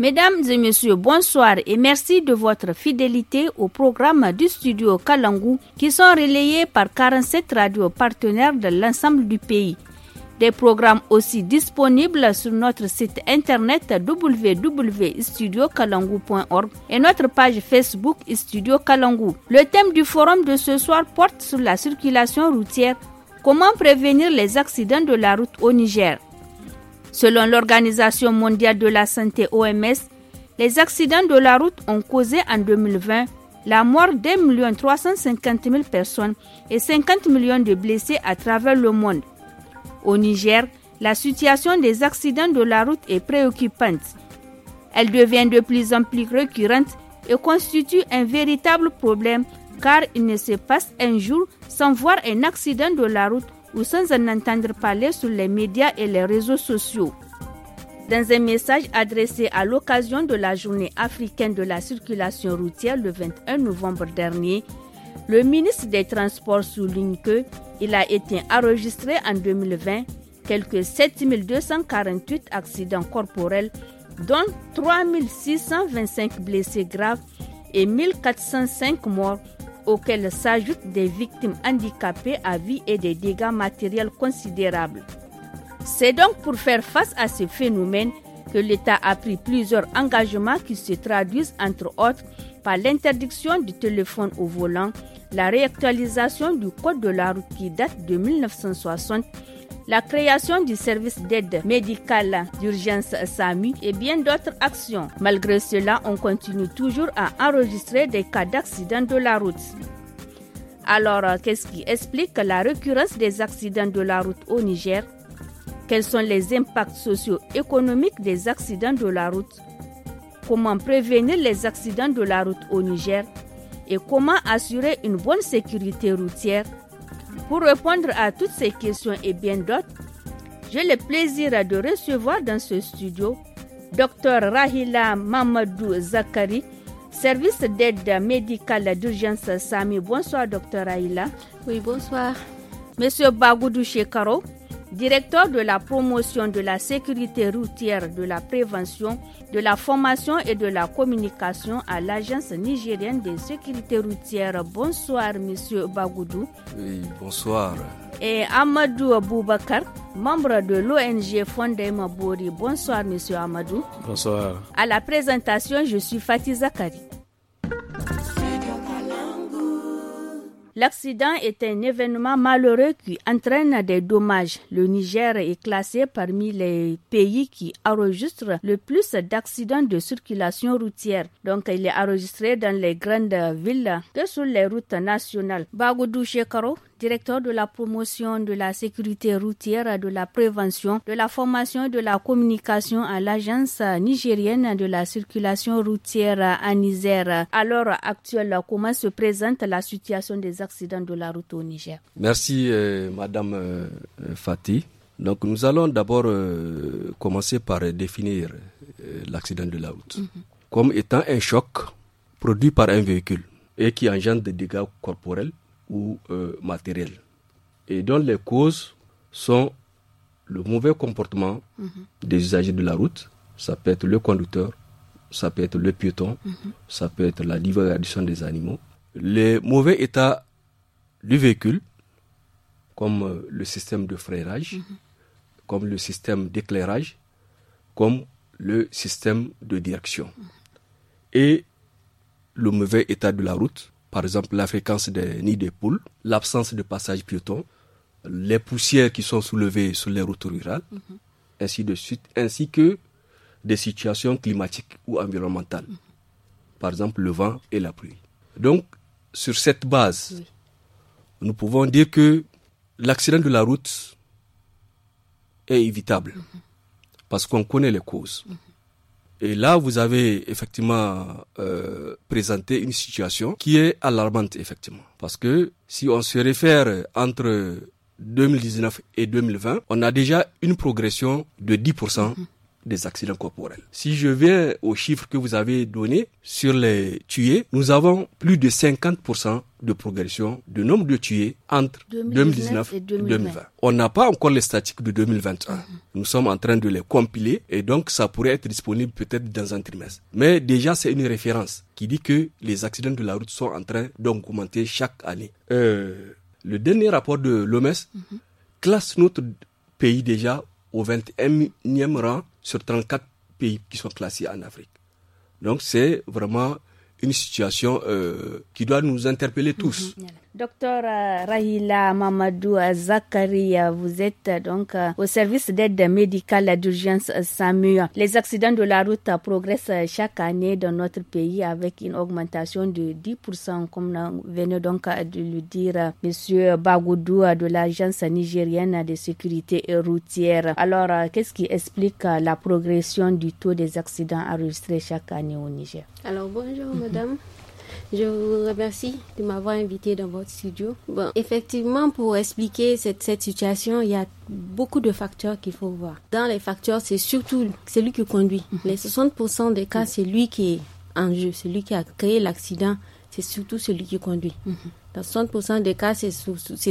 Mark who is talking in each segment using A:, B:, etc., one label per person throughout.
A: Mesdames et messieurs, bonsoir et merci de votre fidélité au programme du studio Kalangu qui sont relayés par 47 radios partenaires de l'ensemble du pays. Des programmes aussi disponibles sur notre site internet www.studiokalangu.org et notre page Facebook Studio Kalangu. Le thème du forum de ce soir porte sur la circulation routière. Comment prévenir les accidents de la route au Niger Selon l'Organisation mondiale de la santé OMS, les accidents de la route ont causé en 2020 la mort d'un cinquante mille personnes et 50 millions de blessés à travers le monde. Au Niger, la situation des accidents de la route est préoccupante. Elle devient de plus en plus récurrente et constitue un véritable problème car il ne se passe un jour sans voir un accident de la route sans en entendre parler sur les médias et les réseaux sociaux. Dans un message adressé à l'occasion de la journée africaine de la circulation routière le 21 novembre dernier, le ministre des Transports souligne que il a été enregistré en 2020 quelques 7248 accidents corporels, dont 3625 blessés graves et 1405 morts auxquels s'ajoutent des victimes handicapées à vie et des dégâts matériels considérables. C'est donc pour faire face à ce phénomène que l'État a pris plusieurs engagements qui se traduisent entre autres par l'interdiction du téléphone au volant, la réactualisation du Code de la route qui date de 1960, la création du service d'aide médicale d'urgence SAMU et bien d'autres actions. Malgré cela, on continue toujours à enregistrer des cas d'accidents de la route. Alors, euh, qu'est-ce qui explique la récurrence des accidents de la route au Niger Quels sont les impacts socio-économiques des accidents de la route Comment prévenir les accidents de la route au Niger Et comment assurer une bonne sécurité routière pour répondre à toutes ces questions et bien d'autres, j'ai le plaisir de recevoir dans ce studio Dr Rahila Mamadou Zakari, service d'aide médicale d'urgence Sami. Bonsoir Dr Rahila. Oui, bonsoir. Monsieur Bagoudou Shekaro, directeur de la promotion de la sécurité routière, de la prévention, de la formation et de la communication à l'Agence nigérienne de sécurité routière. Bonsoir, Monsieur Bagoudou.
B: Oui, bonsoir.
A: Et Amadou Aboubakar, membre de l'ONG Fondé Mabori. Bonsoir, Monsieur Amadou. Bonsoir. À la présentation, je suis Fatih Zakari. L'accident est un événement malheureux qui entraîne des dommages. Le Niger est classé parmi les pays qui enregistrent le plus d'accidents de circulation routière. Donc, il est enregistré dans les grandes villes que sur les routes nationales. Bagoudou directeur de la promotion de la sécurité routière, de la prévention, de la formation et de la communication à l'agence nigérienne de la circulation routière à Niger. À l'heure actuelle, comment se présente la situation des accidents de la route au Niger
B: Merci, euh, Madame Fati. Euh, Fatih. Donc nous allons d'abord euh, commencer par définir l'accident de la route mhm. comme étant un choc produit par un véhicule et qui engendre des dégâts corporels ou euh, matériel Et dont les causes sont le mauvais comportement mhm. des usagers de la route, ça peut être le conducteur, ça peut être le piéton, mhm. ça peut être la divagation des animaux, les mauvais états du véhicule, comme euh, le système de freinage, mhm. comme le système d'éclairage, comme le système de direction. Et le mauvais état de la route, par exemple la fréquence des nids de poules, l'absence de passage piéton, les poussières qui sont soulevées sur les routes rurales, mhm. ainsi de suite, ainsi que des situations climatiques ou environnementales, mhm. par exemple le vent et la pluie. Donc, sur cette base, nous pouvons dire que l'accident de la route est évitable, mhm. parce qu'on connaît les causes. Et là, vous avez effectivement euh, présenté une situation qui est alarmante, effectivement. Parce que si on se réfère entre 2019 et 2020, on a déjà une progression de 10% des accidents corporels. Si je vais aux chiffres que vous avez donnés sur les tués, nous avons plus de 50% de progression du nombre de tués entre 2019, et 2020. On n'a pas encore les statistiques de 2021. Mm-hmm. Nous sommes en train de les compiler et donc ça pourrait être disponible peut-être dans un trimestre. Mais déjà, c'est une référence qui dit que les accidents de la route sont en train d'augmenter chaque année. Euh, le dernier rapport de l'OMS mm-hmm. classe notre pays déjà au 21e rang sur 34 pays qui sont classés en Afrique. Donc c'est vraiment une situation euh, qui doit nous interpeller tous.
A: Mhm. Docteur euh, Rahila Mamadou euh, Zakaria, vous êtes donc au service d'aide médicale d'urgence SAMU. Les accidents de la route progressent chaque année dans notre pays avec une augmentation de 10%, comme venait donc de le dire Monsieur Bagoudou de l'Agence nigérienne de sécurité routière. Alors, qu'est-ce qui explique la progression du taux des accidents enregistrés chaque année au Niger
C: Alors, bonjour, madame. Je vous remercie de m'avoir invité dans votre studio. Bon, effectivement, pour expliquer cette, cette situation, il y a beaucoup de facteurs qu'il faut voir. Dans les facteurs, c'est surtout celui qui conduit. Mhm. Les 60% des cas, c'est lui qui est en jeu, celui qui a créé l'accident, c'est surtout celui qui conduit. Mhm. Dans 60% des cas, c'est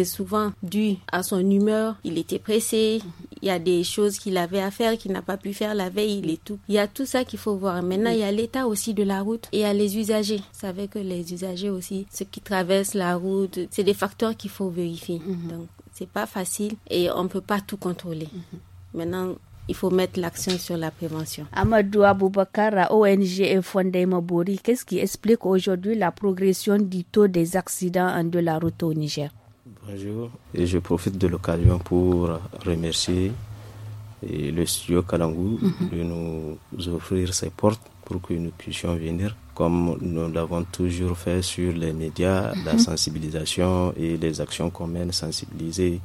C: souvent dû à son humeur. Il était pressé, il y a des choses qu'il avait à faire qu'il n'a pas pu faire la veille, il est tout. Il y a tout ça qu'il faut voir. Maintenant, il y a l'état aussi de la route et il y a les usagers. Vous savez que les usagers aussi, ceux qui traversent la route, c'est des facteurs qu'il faut vérifier. Mhm. Donc, c'est pas facile et on ne peut pas tout contrôler. Mhm. Maintenant, il faut mettre l'action sur la prévention.
A: Amadou Aboubakar, ONG Fondé Mabori, qu'est-ce qui explique aujourd'hui la progression du taux des accidents en de la route au Niger
D: Bonjour, et je profite de l'occasion pour remercier le studio Kalangou mhm. de nous offrir ses portes pour que nous puissions venir, comme nous l'avons toujours fait sur les médias, la mhm. sensibilisation et les actions communes sensibilisées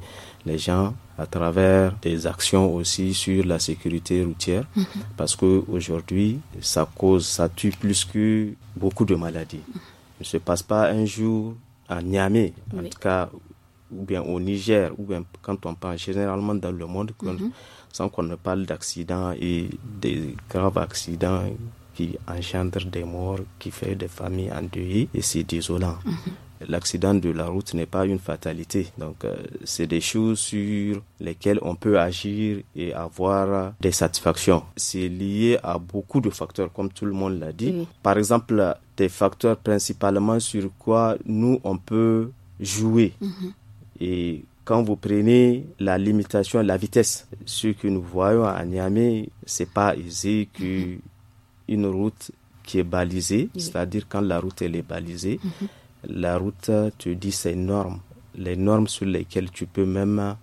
D: les gens à travers des actions aussi sur la sécurité routière mhm. parce que aujourd'hui ça cause ça tue plus que beaucoup de maladies. Il mhm. ne se passe pas un jour à Niamey en tout cas ou bien au Niger ou bien quand on parle généralement dans le monde mhm. sans qu'on ne parle d'accidents et des graves accidents qui engendrent des morts, qui fait des familles endeuillées et c'est désolant l'accident de la route n'est pas une fatalité. Donc, euh, c'est des choses sur lesquelles on peut agir et avoir des satisfactions. C'est lié à beaucoup de facteurs, comme tout le monde l'a dit. Par exemple, des facteurs principalement sur quoi nous, on peut jouer. Mhm. Et quand vous prenez la limitation, la vitesse, ce que nous voyons à Niamey, c'est pas aisé qu'une mhm. route qui est balisée, c'est-à-dire quand la route elle est balisée, mhm. La route te dit ses normes, les normes sur lesquelles tu peux même,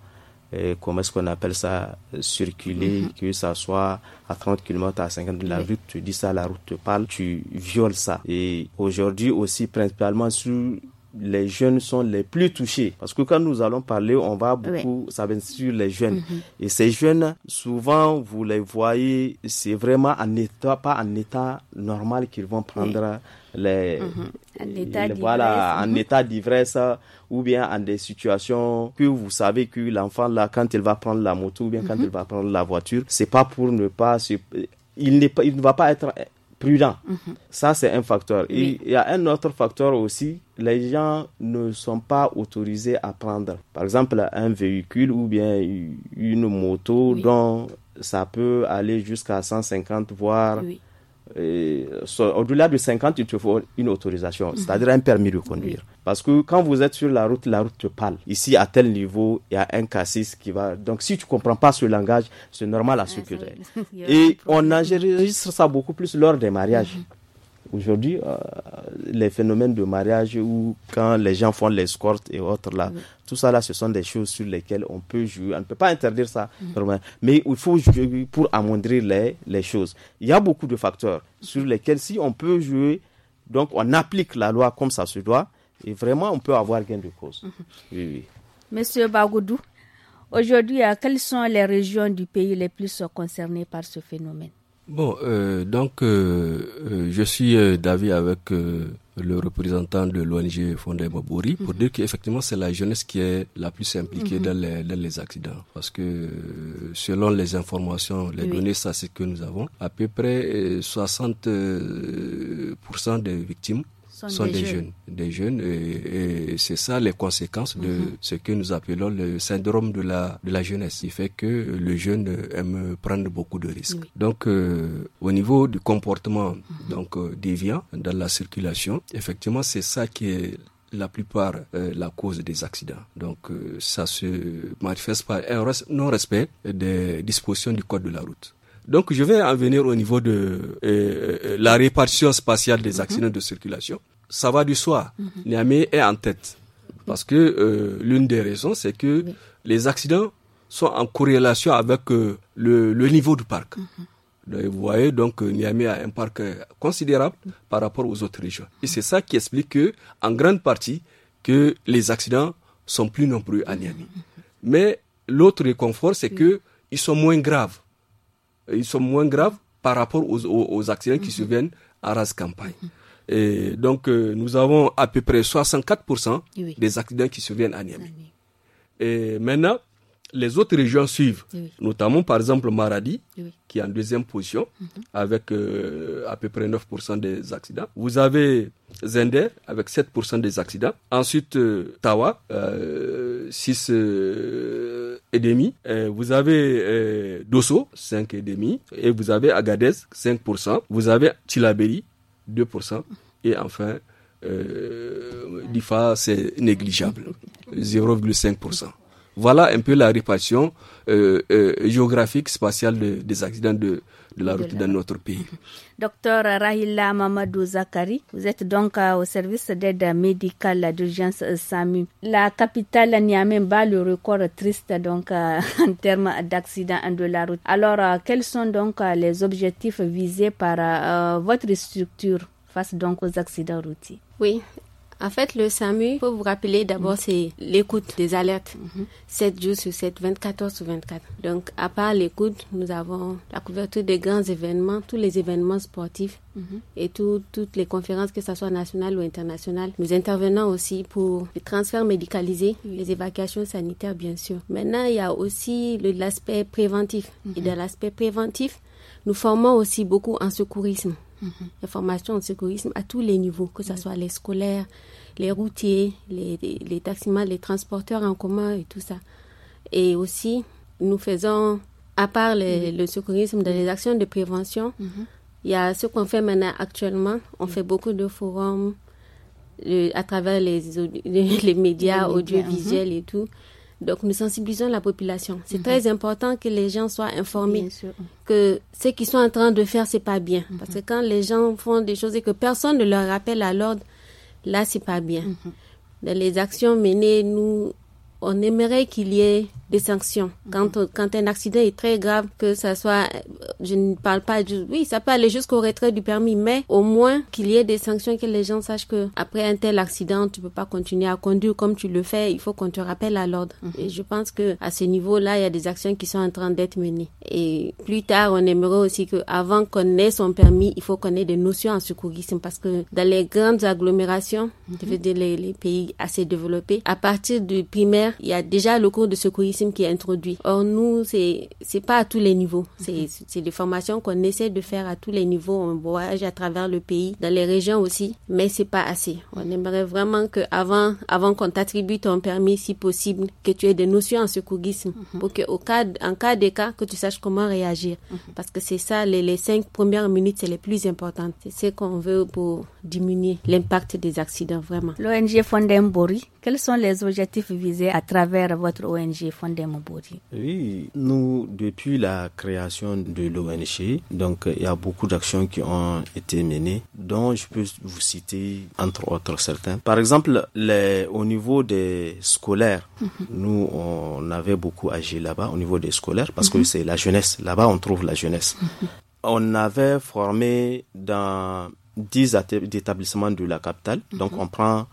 D: euh, comment est-ce qu'on appelle ça, circuler, mhm. que ça soit à 30 km, à 50 km, la route tu dis ça, la route te parle, tu violes ça. Et aujourd'hui aussi, principalement sur les jeunes sont les plus touchés. Parce que quand nous allons parler, on va beaucoup ça vient sur les jeunes. Mhm. Et ces jeunes, souvent, vous les voyez, c'est vraiment un état, pas en état normal qu'ils vont prendre les, en
A: mm-hmm. état voilà,
D: mm-hmm. en état d'ivresse ou bien en des situations que vous savez que l'enfant là, quand il va prendre la moto ou bien quand il mm-hmm. va prendre la voiture, c'est pas pour ne pas, il, pas il ne va pas être prudent. Ça, c'est un facteur. Il y a un autre facteur aussi. Les gens ne sont pas autorisés à prendre, par exemple, un véhicule ou bien une moto dont ça peut aller jusqu'à 150, voire oui au-delà de 50, il te faut une autorisation, mhm. c'est-à-dire un permis de conduire. Parce que quand vous êtes sur la route, la route te parle. Ici, à tel niveau, il y a un cassis qui va. Donc, si tu comprends pas ce langage, c'est normal à ah, ce que
E: Et
D: on enregistre ça beaucoup plus lors des mariages. Mhm. Aujourd'hui, euh, les phénomènes de mariage ou quand les gens font l'escorte et autres là, tout ça là, ce sont des choses sur lesquelles on peut jouer. On ne peut pas interdire ça, mais il faut jouer pour amoindrir les, choses. Il y a beaucoup de facteurs sur lesquels si on peut jouer, donc on applique la loi comme ça se doit et vraiment on peut avoir gain de cause. Mhm. Oui, oui.
A: Monsieur Bagoudou, aujourd'hui, quelles sont les régions du pays les plus concernées par ce phénomène
B: Bon, euh, donc euh, euh, je suis d'avis avec le représentant de l'ONG Fondé Mobori pour que mhm. dire qu'effectivement c'est la jeunesse qui est la plus impliquée mhm. dans, les, accidents. Parce que selon les informations, les données, données statistiques que nous avons, à peu près 60% des victimes sont, des, jeunes. Des jeunes, et, c'est ça les conséquences de mm-hmm. ce que nous appelons le syndrome de la, de la jeunesse. Il fait que le jeune aime prendre beaucoup de risques. Donc, euh, au niveau du comportement mm-hmm. donc euh, déviant dans la circulation, effectivement, c'est ça qui est la plupart euh, la cause des accidents. Donc ça se manifeste par un non-respect des dispositions du code de la route. Donc, je vais en venir au niveau de euh, euh, la répartition spatiale des mhm. accidents de circulation. Ça va du soir. Mhm. Niamey est en tête. Parce que euh, l'une des raisons, c'est que les accidents sont en corrélation avec le, niveau du parc. Mhm. vous voyez, donc Niamey a un parc considérable par rapport aux autres régions. Et c'est ça qui explique que, en grande partie, que les accidents sont plus nombreux à Niamey. Mais l'autre réconfort, c'est que ils sont moins graves ils sont moins graves par rapport aux, aux, accidents qui mhm. viennent à RAS campagne. Et donc, euh, nous avons à peu près 64% des accidents qui viennent à Niamey. Et maintenant, les autres régions suivent, notamment par exemple Maradi, qui est en deuxième position, mhm. avec euh, à peu près 9% des accidents. Vous avez Zender, avec 7% des accidents. Ensuite, euh, Tawa, 6,5%. Euh, et demi. vous avez Dosso, 5,5%. Et, demi. et vous avez Agadez, 5%. Vous avez Tilaberi, 2%. Et enfin, Difa, c'est négligeable, 0,5%. Voilà un peu la répartition euh, euh, géographique, spatiale des accidents de, la route dans notre pays.
A: Docteur Rahila Mamadou Zakari, vous êtes donc euh, au service d'aide médicale d'urgence SAMU. La capitale Niamey bat le record triste donc en termes d'accidents de la route. Alors, quels sont donc les objectifs visés par votre structure face donc aux accidents routiers
C: Oui, en fait, le SAMU, faut vous rappeler d'abord, mm. c'est l'écoute des alertes. 7 mm-hmm. jours sur 7, 24 heures sur 24. Donc, à part l'écoute, nous avons la couverture des grands événements, tous les événements sportifs mm-hmm. et toutes les conférences, que ce soit nationales ou internationales. Nous intervenons aussi pour les transferts médicalisés, les évacuations sanitaires, bien sûr. Maintenant, il y a aussi l'aspect préventif. Et mm-hmm. dans l'aspect préventif, nous formons aussi beaucoup en secourisme. La formation de secourisme à tous les niveaux, que ce soit les scolaires, les routiers, les, les, les transporteurs en commun et tout ça. Et aussi, nous faisons, à part le secourisme, dans les actions de prévention, mhm. il y a ce qu'on fait maintenant actuellement. On fait beaucoup de forums à travers les, les médias audiovisuels mhm. et tout. Donc, nous sensibilisons la population. C'est mhm. très important que les gens soient informés que ce qu'ils sont en train de faire, c'est pas bien. Mhm. Parce que quand les gens font des choses et que personne ne leur rappelle à l'ordre, là, c'est pas bien. Mhm. Dans les actions menées, nous, on aimerait qu'il y ait des sanctions. Mhm. Quand, quand un accident est très grave, que ça soit, euh, je ne parle pas du, oui, ça peut aller jusqu'au retrait du permis, mais au moins qu'il y ait des sanctions, que les gens sachent que après un tel accident, tu peux pas continuer à conduire comme tu le fais, il faut qu'on te rappelle à l'ordre. Mhm. Et je pense que à ce niveau-là, il y a des actions qui sont en train d'être menées. Et plus tard, on aimerait aussi que avant qu'on ait son permis, il faut qu'on ait des notions en secourisme parce que dans les grandes agglomérations, mhm. je veux dire les pays assez développés, à partir du primaire, Hein? il y a déjà le cours de secourisme qui est introduit. Or, nous, c'est, c'est pas à tous les niveaux. Mm-hmm. C'est, des formations qu'on essaie de faire à tous les niveaux. On voyage à travers le pays, dans les régions aussi, mais c'est pas assez. On aimerait vraiment que avant, qu'on t'attribue ton permis, si possible, que tu aies des notions en secourisme mm-hmm. pour que cas, en cas des cas, que tu saches comment réagir. Mm-hmm. Parce que c'est ça, les, les cinq premières minutes, c'est les plus importantes. C'est ce qu'on veut pour diminuer l'impact des accidents vraiment. L'ONG Fondembori, quels sont les objectifs visés à travers votre
A: ONG Fondembori
D: Oui, nous, depuis la création de l'ONG, donc il y a beaucoup d'actions qui ont été menées, dont je peux vous citer entre autres certains. Par exemple, les, au niveau des scolaires, mhm. nous, on avait beaucoup agi là-bas au niveau des scolaires parce que mhm. c'est la jeunesse. Là-bas, on trouve la jeunesse. Mhm. on avait formé dans 10 établissements de la capitale. Mhm. Donc on prend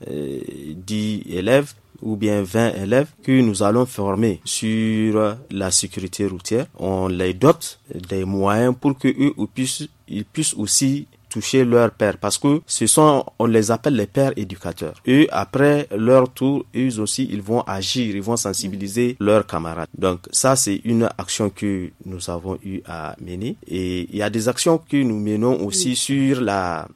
D: 10 euh, élèves ou bien 20 élèves que nous allons former sur la sécurité routière. On les dote des moyens pour que eux puissent, ils puissent aussi toucher leur père parce que ce sont, on les appelle les pères éducateurs. Et après leur tour, eux aussi, ils vont agir, ils vont sensibiliser leurs camarades. Donc ça, c'est une action que nous avons eu à mener. Et il y a des actions que nous menons aussi sur la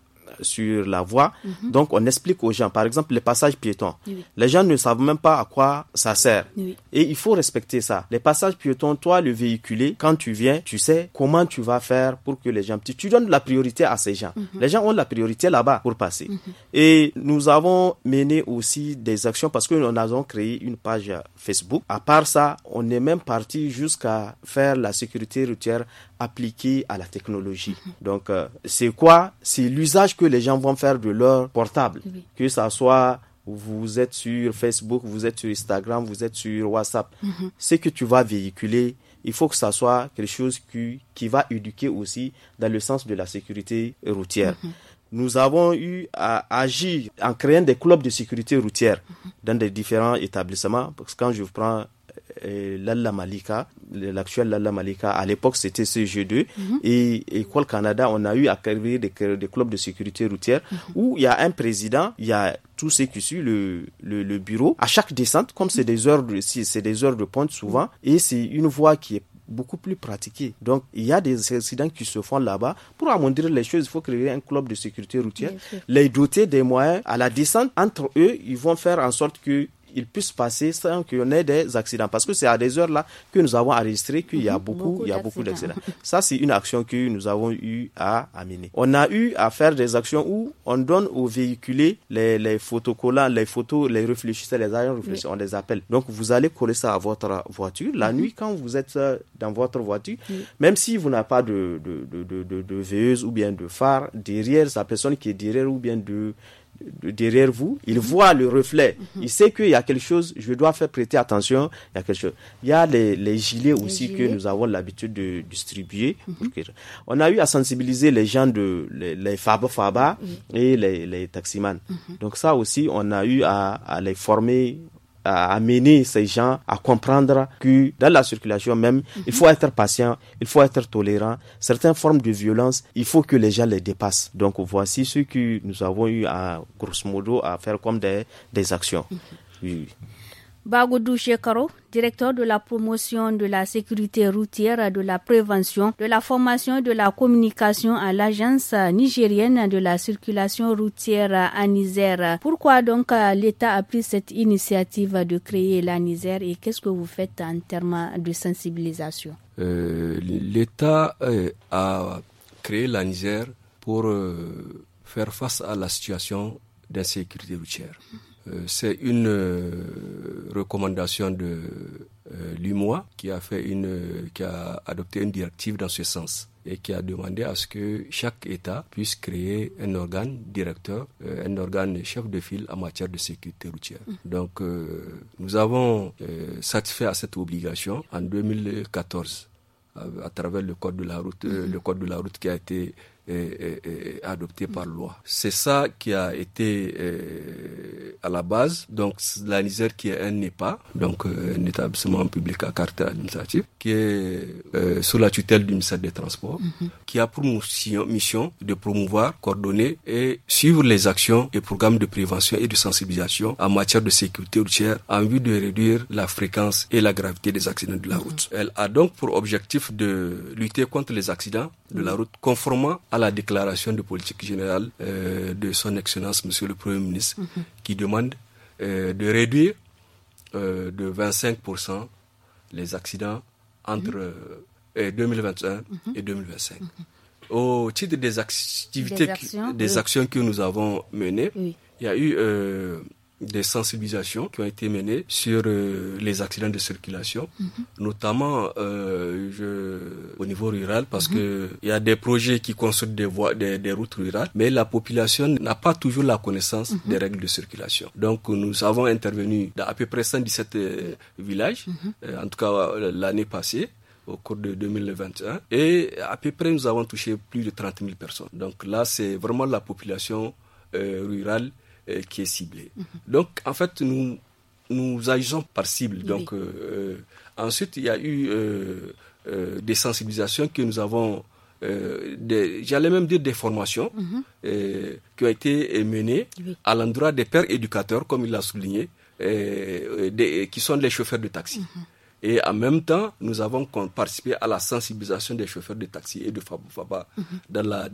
D: sur la voie. Mhm. Donc, on explique aux gens, par exemple, les passages piétons. Les gens ne savent même pas à quoi ça sert. Et il faut respecter ça. Les passages piétons, toi, le véhiculé, quand tu viens, tu sais comment tu vas faire pour que les gens... Tu, donnes la priorité à ces gens. Mhm. Les gens ont la priorité là-bas pour passer. Mhm. Et nous avons mené aussi des actions parce que nous avons créé une page Facebook. À part ça, on est même parti jusqu'à faire la sécurité routière appliqué à la technologie. Donc, euh, c'est quoi C'est l'usage que les gens vont faire de leur portable. Que ça soit vous êtes sur Facebook, vous êtes sur Instagram, vous êtes sur WhatsApp. Mhm. Ce que tu vas véhiculer, il faut que ça soit quelque chose qui, va éduquer aussi dans le sens de la sécurité routière. Mhm. Nous avons eu à agir en créant des clubs de sécurité routière mhm. dans des différents établissements. Parce que quand je prends euh, l'Alla Malika, l'actuel Lalla Malika, à l'époque, c'était CG2. Mhm. Et École Canada, on a eu à créer des, des clubs de sécurité routière mhm. où il y a un président, il y a tous ceux qui suivent le, bureau. À chaque descente, comme c'est des heures de, c'est des heures de pointe souvent, mhm. et c'est une voie qui est beaucoup plus pratiquée. Donc, il y a des incidents qui se font là-bas. Pour amondir les choses, il faut créer un club de sécurité routière, les doter des moyens à la descente. Entre eux, ils vont faire en sorte que il puisse passer sans qu'il y ait des accidents. Parce que c'est à des heures-là que nous avons enregistré qu'il y a beaucoup, il y a beaucoup d'accidents. Ça, c'est une action que nous avons eu à, amener. On a eu à faire des actions où on donne aux véhiculés les, les photocollants, les photos, les réfléchisseurs, les agents réfléchisseurs, on les appelle. Donc, vous allez coller ça à votre voiture. La mhm. nuit, quand vous êtes euh, dans votre voiture, même si vous n'avez pas de, de, veilleuse ou bien de phare, derrière sa personne qui est derrière ou bien de derrière vous, il mhm. voit le reflet, mhm. il sait qu'il y a quelque chose, je dois faire prêter attention, il y a quelque chose. Il y a les, gilets aussi que nous avons l'habitude de distribuer. Mhm. On a eu à sensibiliser les gens de les, les Faba et les, taximans. Donc ça aussi, on a eu à les former à amener ces gens à comprendre que dans la circulation même, il faut mhm. être patient, il faut être tolérant. Certaines formes de violence, il faut que les gens les dépassent. Donc voici ce que nous avons eu à, grosso modo, à faire comme des, des actions. Mhm. oui.
A: Bagoudou Shekaro, directeur de la promotion de la sécurité routière, de la prévention, de la formation et de la communication à l'agence nigérienne de la circulation routière à Niger. Pourquoi donc euh, l'État a pris cette initiative de créer la et qu'est-ce que vous faites en termes de sensibilisation
B: euh, L'État euh, a créé la pour faire face à la situation d'insécurité routière. Mhm. Euh, c'est une euh, recommandation de euh, l'UMOA qui a fait une, qui a adopté une directive dans ce sens et qui a demandé à ce que chaque État puisse créer un organe directeur, un organe chef de file en matière de sécurité routière. Mm. Donc nous avons satisfait à cette obligation en 2014 à, à travers le code de la route, mm-hmm. le code de la route qui a été adopté par loi. C'est ça qui a été euh, à la base. Donc la Niger qui est un NEPA, donc euh, un établissement public à carte administratif qui est euh, sous la tutelle du ministère des Transports, mhm. qui a pour mission de promouvoir, coordonner et suivre les actions et programmes de prévention et de sensibilisation en matière de sécurité routière en vue de réduire la fréquence et la gravité des accidents de la route. Mhm. Elle a donc pour objectif de lutter contre les accidents de la route conformément à la déclaration de politique générale euh, de son Excellence, Monsieur le Premier ministre, mhm. qui demande euh, de réduire euh, de 25% les accidents entre 2021 mhm. et 2025. Mhm. Au titre des activités, des actions, que nous avons menées, il y a eu des sensibilisations qui ont été menées sur euh, les accidents de circulation, mhm. notamment euh, au niveau rural, parce mhm. que il y a des projets qui construisent des voies, des, routes rurales, mais la population n'a pas toujours la connaissance mhm. des règles de circulation. Donc nous avons intervenu dans à peu près 117 euh, villages, en tout cas l'année passée, au cours de 2021. Et à peu près, nous avons touché plus de 30 000 personnes. Donc là, c'est vraiment la population rurale euh, qui est ciblé. Mhm. Donc, en fait, nous, nous agissons par cible. Donc, euh, euh, ensuite, il y a eu des sensibilisations que nous avons, j'allais même dire des formations mhm. qui ont été menées à l'endroit des pères éducateurs, comme il l'a souligné, des, qui sont les chauffeurs de taxi. Mhm. Et en même temps, nous avons participé à la sensibilisation des chauffeurs de taxi et de Fabou Faba dans, la,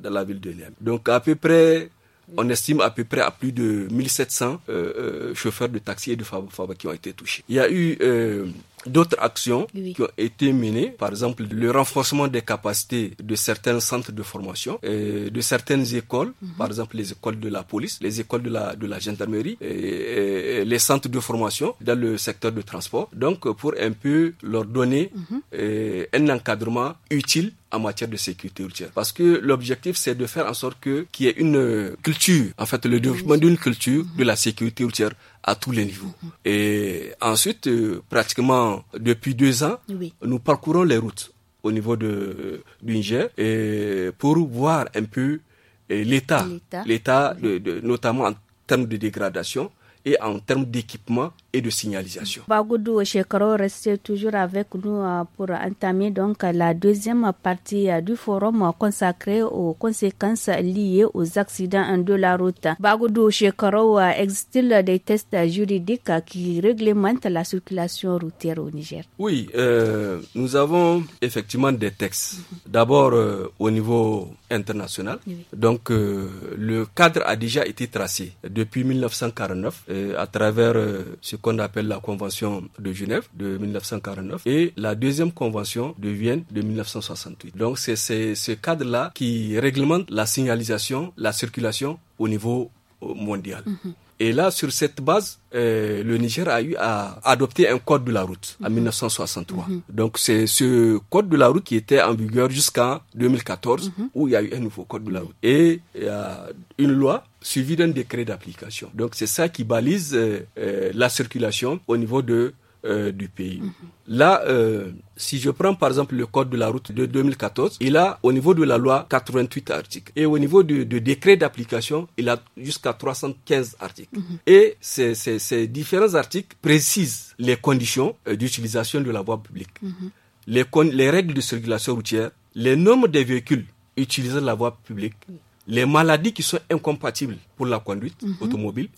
B: la, ville de Niamey. Donc, à peu près Mm. On estime à peu près à plus de 1700 euh, euh, chauffeurs de taxi et de fabriques qui ont été touchés. Il y a eu euh, d'autres actions qui ont été menées, par exemple le renforcement des capacités de certains centres de formation, et de certaines écoles, mhm. par exemple les écoles de la police, les écoles de la, de la gendarmerie, et, les centres de formation dans le secteur de transport. Donc pour un peu leur donner mhm. eh, un encadrement utile en matière de sécurité routière. Parce que l'objectif, c'est de faire en sorte que qu'il y ait une culture, en fait, le développement d'une culture de la sécurité routière à tous les niveaux. Et ensuite, euh, pratiquement depuis deux ans, nous parcourons les routes au niveau de, du pour voir un peu euh, l'état, l'état de, notamment en termes de dégradation, et en termes d'équipement et de signalisation.
A: Bagoudou reste toujours avec nous euh, pour entamer donc la deuxième partie euh, du forum consacré aux conséquences liées aux accidents de la route. Bagoudou Shekaro euh, existe-t-il des tests juridiques qui réglementent la circulation routière au Niger
B: Oui, nous avons effectivement des textes. Mhm. D'abord au niveau international. Donc le cadre a déjà été tracé depuis 1949 euh, à travers euh, ce qu'on appelle la Convention de Genève de 1949 et la deuxième Convention de Vienne de 1968. Donc c'est ce cadre-là qui réglemente la signalisation, la circulation au niveau mondiale. Mhm. Et là, sur cette base, euh, le Niger a eu à adopter un code de la route en 1963. Mhm. Mhm. Donc c'est ce code de la route qui était en vigueur jusqu'en 2014 où il y a eu un nouveau code de la route. Et il y a une loi suivie d'un décret d'application. Donc c'est ça qui balise euh, euh, la circulation au niveau de euh, du pays. Là, euh, si je prends par exemple le code de la route de 2014, il a au niveau de la loi 88 articles et au niveau du, décret d'application, il a jusqu'à 315 articles. Mhm. Et ces, ces, différents articles précisent les conditions euh, d'utilisation de la voie publique, mhm. les, les, règles de circulation routière, les nombres des véhicules utilisant la voie publique, les maladies qui sont incompatibles pour la conduite mhm. automobile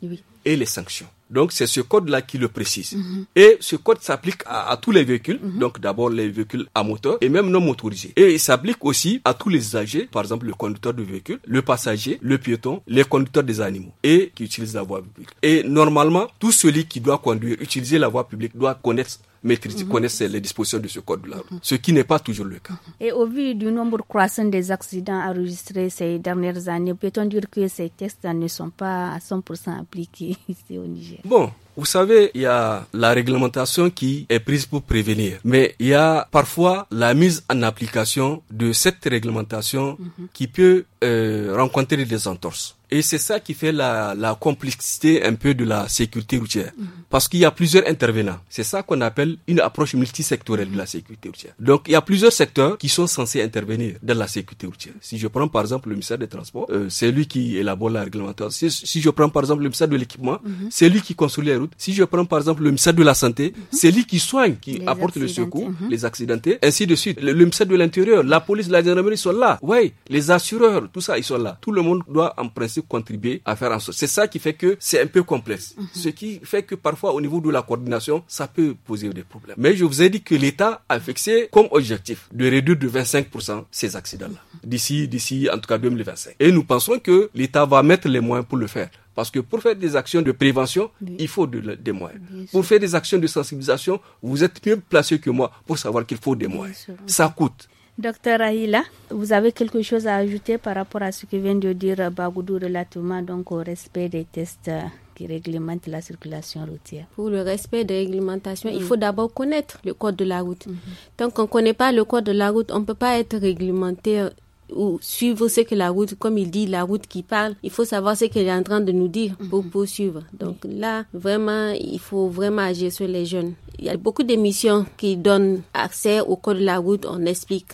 B: et les sanctions. Donc c'est ce code-là qui le précise. Mhm. Et ce code s'applique à, tous les véhicules, mhm. donc d'abord les véhicules à moteur et même non motorisés. Et il s'applique aussi à tous les usagers par exemple le conducteur de véhicule, le passager, le piéton, les conducteurs des animaux et qui utilisent la voie publique. Et normalement, tout celui qui doit conduire, utiliser la voie publique doit connaître mais qui mhm. connaissent les dispositions de ce code là mhm. ce qui n'est pas toujours le cas.
A: Et au vu du nombre croissant des accidents enregistrés ces dernières années, peut-on dire que ces textes ne sont pas à 100% appliqués
B: ici au Niger Bon, vous savez, il y a la réglementation qui est prise pour prévenir, mais il y a parfois la mise en application de cette réglementation mhm. qui peut euh, rencontrer des entorses. Et c'est ça qui fait la, la, complexité un peu de la sécurité routière. Mhm. Parce qu'il y a plusieurs intervenants. C'est ça qu'on appelle une approche multisectorielle de la sécurité routière. Donc il y a plusieurs secteurs qui sont censés intervenir dans la sécurité routière. Si je prends par exemple le ministère des Transports, euh, c'est lui qui élabore la réglementation. Si, je prends par exemple le ministère de l'équipement, mhm. c'est lui qui construit les routes. Si je prends par exemple le ministère de la santé, mhm. c'est lui qui soigne, qui apporte le secours, les accidentés, ainsi de suite. Le, ministère de l'Intérieur, la police, la gendarmerie sont là. ouais les assureurs, tout ça, ils sont là. Tout le monde doit en principe contribuer à faire en sorte. C'est ça qui fait que c'est un peu complexe. Mhm. Ce qui fait que parfois au niveau de la coordination, ça peut poser des problèmes. Mais je vous ai dit que l'État a fixé comme objectif de réduire de 25% ces accidents-là. D'ici, d'ici, en tout cas 2025. Et nous pensons que l'État va mettre les moyens pour le faire. Parce que pour faire des actions de prévention, il faut des moyens. pour faire des actions de sensibilisation, vous êtes mieux placé que moi pour savoir qu'il faut des moyens. Ça coûte.
A: Docteur Aïla, vous avez quelque chose à ajouter par rapport à ce que vient de dire Bagoudou relativement donc au respect des tests qui réglementent la circulation routière
C: Pour le respect des réglementations, il mm. faut d'abord connaître le code de la route. Mm-hmm. Tant qu'on ne connaît pas le code de la route, on ne peut pas être réglementé euh, ou suivre ce que la route, comme il dit, la route qui parle, il faut savoir ce qu'elle est en train de nous dire mm-hmm. pour poursuivre. Donc là, vraiment, il faut vraiment agir sur les jeunes. Il y a beaucoup d'émissions qui donnent accès au code de la route, on explique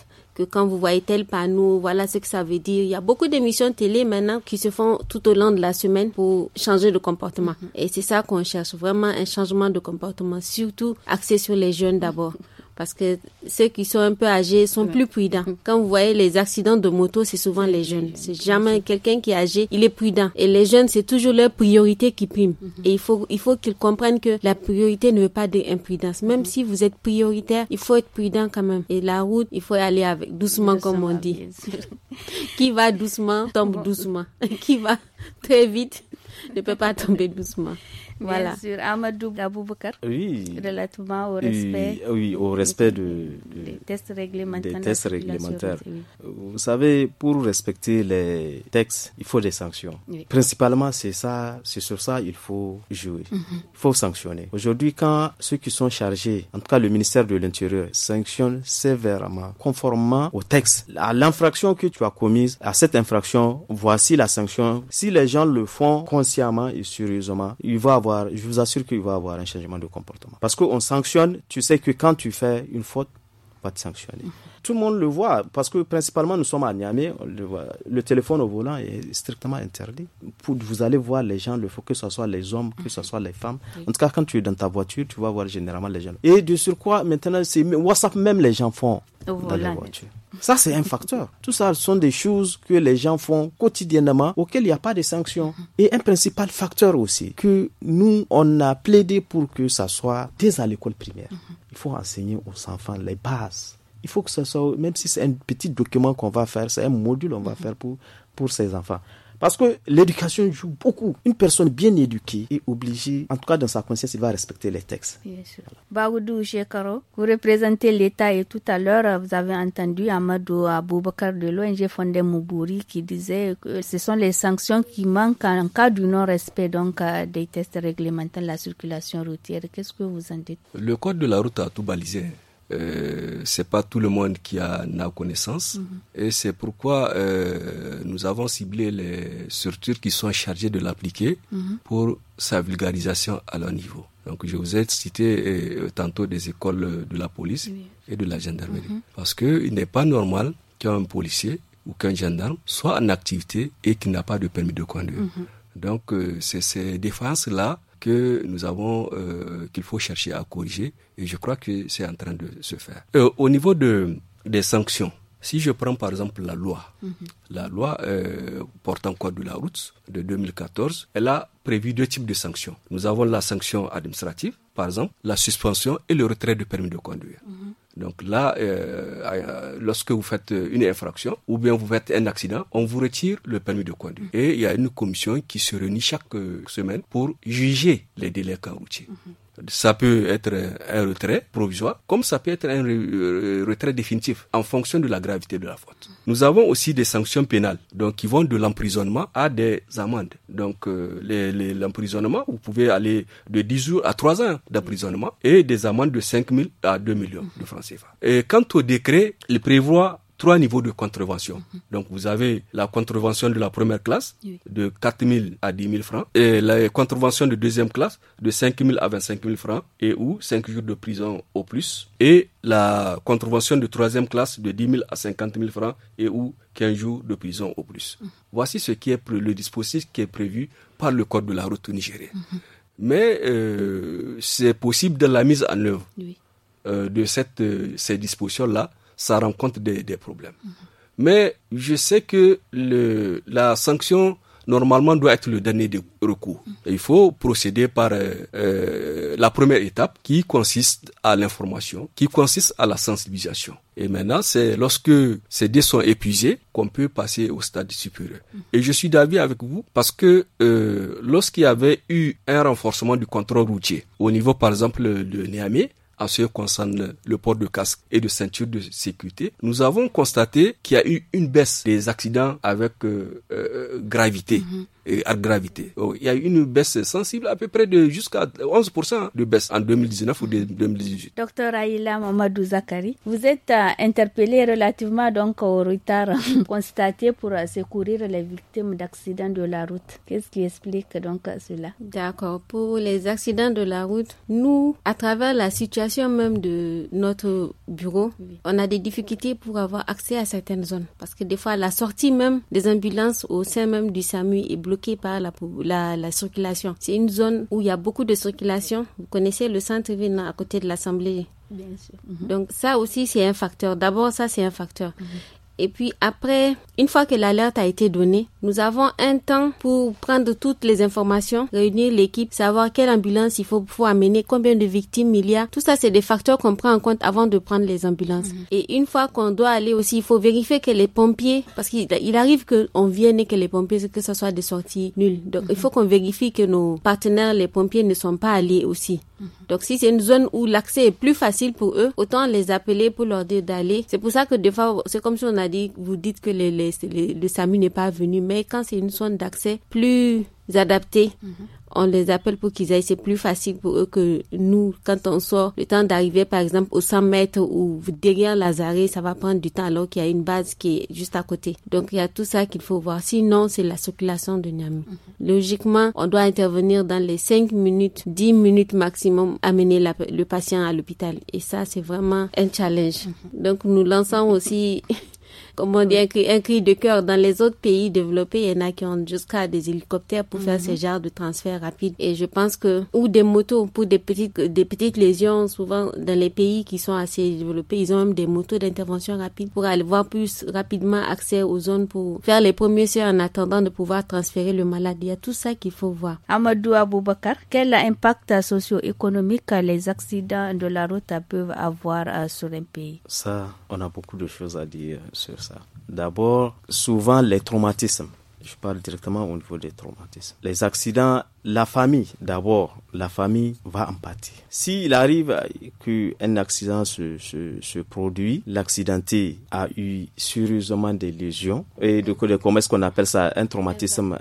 C: quand vous voyez tel panneau, voilà ce que ça veut dire. Il y a beaucoup d'émissions télé maintenant qui se font tout au long de la semaine pour changer de comportement. Mm-hmm. Et c'est ça qu'on cherche, vraiment un changement de comportement, surtout axé sur les jeunes d'abord parce que ceux qui sont un peu âgés sont plus prudents. Mm-hmm. Quand vous voyez les accidents de moto, c'est souvent les jeunes. C'est jamais quelqu'un qui est âgé, il est prudent. Et les jeunes, c'est toujours leur priorité qui prime. Mm-hmm. Et il faut, il faut qu'ils comprennent que la priorité ne veut pas d'imprudence. Même mm-hmm. si vous êtes prioritaire, il faut être prudent quand même. Et la route, il faut aller avec doucement, comme on dit. qui va doucement tombe doucement. qui va très vite ne peut pas tomber doucement. Voilà. Bien sûr. Amadou Oui.
A: Relativement au respect.
D: Oui, au respect de, des
A: tests réglementaires. Des réglementaires. Vous
D: savez, pour respecter les textes, il faut des sanctions. Principalement, c'est ça, c'est sur ça il faut jouer. Mhm. Il faut sanctionner. Aujourd'hui, quand ceux qui sont chargés, en tout cas le ministère de l'Intérieur, sanctionne sévèrement, conformément au texte, à l'infraction que tu as commise, à cette infraction, voici la sanction. Si les gens le font consciemment et sérieusement, il va avoir je vous assure qu'il va avoir un changement de comportement. Parce qu'on sanctionne, tu sais que quand tu fais une faute, on va te sanctionner. Mhm. Tout le monde le voit, parce que principalement nous sommes à Niamey, le, téléphone au volant est strictement interdit. Pour, vous allez voir les gens, il faut que ce soit les hommes, que ce soit les femmes. En tout cas, quand tu es dans ta voiture, tu vas voir généralement les gens. Et de sur quoi maintenant, c'est WhatsApp même les gens font dans volant. voiture. Ça, c'est un facteur. Tout ça ce sont des choses que les gens font quotidiennement auxquelles il n'y a pas de sanctions. Et un principal facteur aussi, que nous, on a plaidé pour que ça soit dès à l'école primaire. Il faut enseigner aux enfants les bases. Il faut que ce soit, même si c'est un petit document qu'on va faire, c'est un module qu'on va faire pour, pour ces enfants. Parce que l'éducation joue beaucoup. Une personne bien éduquée est obligée, en tout cas dans sa conscience, il va respecter les textes.
E: Bien sûr.
A: vous représentez l'État et tout à l'heure, vous avez entendu Amadou Aboubakar de l'ONG Fondé qui disait que ce sont les sanctions qui manquent en cas du non-respect donc euh, des tests réglementant la circulation routière. Qu'est-ce que vous en dites Le
B: code de la route a tout balisé. Euh, c'est pas tout le monde qui en a connaissance. Mhm. Et c'est pourquoi euh, nous avons ciblé les structures qui sont chargées de l'appliquer mhm. pour sa vulgarisation à leur niveau. Donc, je vous ai cité euh, tantôt des écoles de la police et de la gendarmerie. Mhm. parce que Parce qu'il n'est pas normal qu'un policier ou qu'un gendarme soit en activité et qu'il n'a pas de permis de conduire. Donc, euh, c'est ces défenses-là que nous avons, euh, qu'il faut chercher à corriger. Et je crois que c'est en train de se faire. Euh, au niveau de, des sanctions, si je prends par exemple la loi, mhm. la loi euh, portant code de la route de 2014, elle a prévu deux types de sanctions. Nous avons la sanction administrative, par exemple, la suspension et le retrait du permis de conduire. Mhm. Donc là, euh, euh, lorsque vous faites euh, une infraction ou bien vous faites un accident, on vous retire le permis de conduire. Mm. Et il y a une commission qui se réunit chaque semaine pour juger les délais routiers. Mm-hmm. Ça peut être un retrait provisoire, comme ça peut être un euh, retrait définitif, en fonction de la gravité de la faute. Nous avons aussi des sanctions pénales, donc qui vont de l'emprisonnement à des amendes. Donc euh, l'emprisonnement, vous pouvez aller de 10 jours à 3 ans d'emprisonnement et des amendes de 5 000 à 2 millions de francs CFA. Et quant au décret, il prévoit trois niveaux de contravention. Mhm. Donc, vous avez la contravention de la première classe de 4 000 à 10 000 francs et la contravention de deuxième classe de 5 000 à 25 000 francs et ou 5 jours de prison au plus et la contravention de troisième classe de 10 000 à 50 000 francs et ou 15 jours de prison au plus. Mhm. Voici ce qui est le dispositif qui est prévu par le code de la route au mhm. Mais euh, c'est possible de la mise en œuvre euh, de cette, euh, ces dispositions-là ça rencontre des, des problèmes. Mais je sais que le, la sanction normalement doit être le dernier recours. il faut procéder par euh, euh, la première étape qui consiste à l'information, qui consiste à la sensibilisation. Et maintenant, c'est lorsque ces deux sont épuisés qu'on peut passer au stade supérieur. Et je suis d'avis avec vous parce que euh, lorsqu'il y avait eu un renforcement du contrôle routier au niveau, par exemple, de Niamey, en ce qui concerne le port de casque et de ceinture de sécurité, nous avons constaté qu'il y a eu une baisse des accidents avec euh, euh, gravité. Mhm à gravité. Oh, il y a eu une baisse sensible à peu près de jusqu'à 11% de baisse en 2019 ou 2018.
A: Docteur Aïla Mamadou Zakari, vous êtes euh, interpellé relativement donc au retard constaté pour euh, secourir les victimes d'accidents de la route. Qu'est-ce qui explique
C: donc euh, cela D'accord. Pour les accidents de la route, nous, à travers la situation même de notre bureau, on a des difficultés pour avoir accès à certaines zones. Parce que des fois, la sortie même des ambulances au sein même du SAMU est bloquée bloquée par la, la, circulation. C'est une zone où il y a beaucoup de circulation. Vous connaissez le centre-ville à côté de l'Assemblée. Mhm. Donc ça aussi, c'est un facteur. D'abord, ça, c'est un facteur. Mhm. Et puis après, une fois que l'alerte a été donnée, nous avons un temps pour prendre toutes les informations, réunir l'équipe, savoir quelle ambulance il faut, faut amener, combien de victimes il y a. Tout ça, c'est des facteurs qu'on prend en compte avant de prendre les ambulances. Mhm. Et une fois qu'on doit aller aussi, il faut vérifier que les pompiers, parce qu'il arrive qu'on vienne et que les pompiers, que ce soit des sorties nulles. Donc, il mhm. faut qu'on vérifie que nos partenaires, les pompiers, ne sont pas allés aussi. Mhm. Donc, si c'est une zone où l'accès est plus facile pour eux, autant les appeler pour leur dire d'aller. C'est pour ça que des fois, c'est comme si on a dit, vous dites que le les, les, SAMU n'est pas venu mais quand c'est une zone d'accès plus adaptée, mhm. on les appelle pour qu'ils aillent. C'est plus facile pour eux que nous, quand on sort, le temps d'arriver, par exemple, aux 100 mètres ou derrière Lazare, ça va prendre du temps alors qu'il y a une base qui est juste à côté. Donc, il y a tout ça qu'il faut voir. Sinon, c'est la circulation de Niamey. Mhm. Logiquement, on doit intervenir dans les 5 minutes, 10 minutes maximum, amener le patient à l'hôpital. Et ça, c'est vraiment un challenge. Mhm. Donc, nous lançons aussi comment dire, un cri, un cri de cœur. Dans les autres pays développés, il y en a qui ont jusqu'à des hélicoptères pour faire mhm. ce genre de transfert rapide. Et je pense que, ou des motos pour des petites, des petites lésions, souvent dans les pays qui sont assez développés, ils ont même des motos d'intervention rapide pour aller voir plus rapidement accès aux zones pour faire les premiers soins en attendant de pouvoir transférer le malade. Il y a tout ça qu'il faut voir. Amadou Aboubakar, quel impact socio-économique les accidents de
A: la route peuvent avoir euh, sur un pays?
D: Ça, on a beaucoup de choses à dire sur ça. D'abord, souvent les traumatismes. Je parle directement au niveau des traumatismes. Les accidents la famille, d'abord, la famille va en pâtir. S'il arrive qu'un accident se, se, se produit, l'accidenté a eu sérieusement des lésions et de quoi comment est-ce qu'on appelle ça un traumatisme,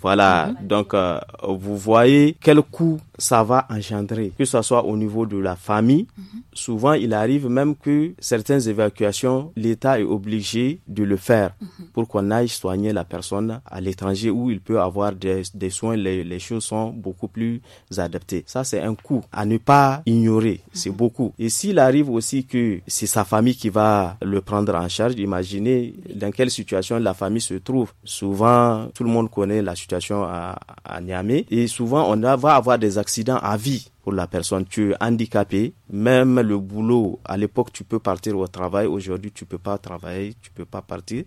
D: Voilà. Mhm. Donc, euh, vous voyez quel coup ça va engendrer, que ce soit au niveau de la famille. Mhm. Souvent, il arrive même que certaines évacuations, l'État est obligé de le faire mhm. pour qu'on aille soigner la personne à l'étranger où il peut avoir des, des soins, les, les choses sont beaucoup plus adaptés. Ça, c'est un coût à ne pas ignorer. C'est mhm. beaucoup. Et s'il arrive aussi que c'est sa famille qui va le prendre en charge, imaginez dans quelle situation la famille se trouve. Souvent, tout le monde connaît la situation à, Niamey et souvent on va avoir des accidents à vie pour la personne. Tu es handicapé, même le boulot, à l'époque tu peux partir au travail, aujourd'hui tu peux pas travailler, tu peux pas partir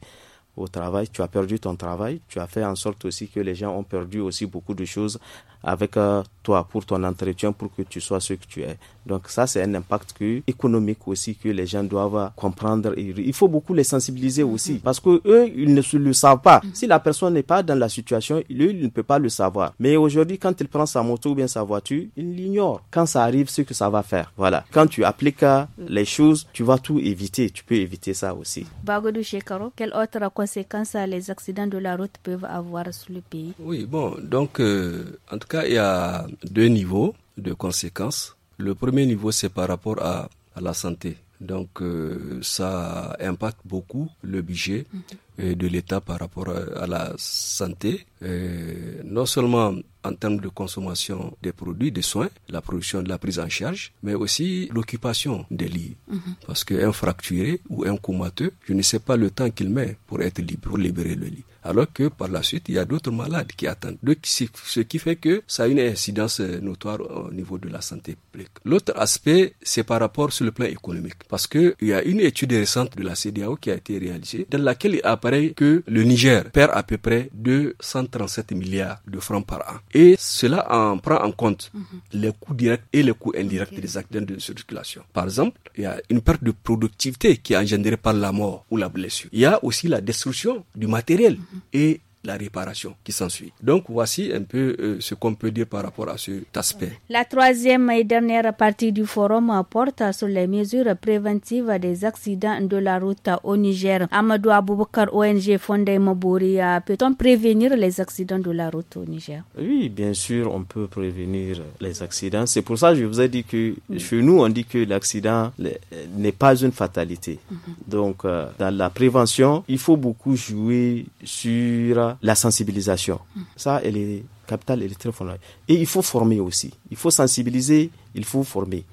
D: au travail, tu as perdu ton travail, tu as fait en sorte aussi que les gens ont perdu aussi beaucoup de choses avec euh, toi pour ton entretien pour que tu sois ce que tu es. Donc ça, c'est un impact que, économique aussi que les gens doivent comprendre. Il faut beaucoup les sensibiliser mhm. aussi parce que eux, ils ne se le savent pas. Mhm. Si la personne n'est pas dans la situation, lui, il ne peut pas le savoir. Mais aujourd'hui, quand il prend sa moto ou bien sa voiture, il l'ignore. Quand ça arrive, ce que ça va faire. Voilà. Quand tu appliques euh, mhm. les choses, tu vas tout éviter. Tu peux éviter ça aussi.
A: Bagodou Shekaro, quelles autres conséquences les accidents de la route peuvent avoir sur le pays Oui,
D: bon, donc,
B: euh, entre tout cas, il y a deux niveaux de conséquences. Le premier niveau, c'est par rapport à, la santé. Donc euh, ça impacte beaucoup le budget, mhm de l'État par rapport euh, à la santé, euh, non seulement en termes de consommation des produits, des soins, la production de la prise en charge, mais aussi l'occupation des lits. Mhm. Parce qu'un fracturé ou un comateux, je ne sais pas le temps qu'il met pour être libre, pour libérer le lit. Alors que par la suite, il y a d'autres malades qui attendent. ce qui fait que ça a une incidence euh, notoire au niveau de la santé publique. L'autre aspect, c'est par rapport sur le plan économique. Parce qu'il y a une étude récente de la CDAO qui a été réalisée, dans laquelle il a pareil que le Niger perd à peu près 237 milliards de francs par an. Et cela en prend en compte mhm. les coûts directs et les coûts indirects des acteurs de circulation. Par exemple, il y a une perte de productivité qui est engendrée par la mort ou la blessure. Il y a aussi la destruction du matériel mhm. et la réparation qui s'ensuit. Donc voici un peu euh, ce qu'on peut dire par rapport à cet aspect.
A: La troisième et dernière partie du forum porte sur les mesures préventives des accidents de la route au Niger. Amadou Aboubakar, ONG Fondé Mabouria, euh, peut-on prévenir les accidents de la route au Niger
D: Oui, bien sûr, on peut prévenir les accidents. C'est pour ça que je vous ai dit que chez nous, on dit que l'accident euh, n'est pas une fatalité. Mhm. Donc, dans la prévention, il faut beaucoup jouer sur la sensibilisation. Ça, elle est capitale, elle est très fondamentale. Et il faut former aussi. Il faut sensibiliser, il faut former.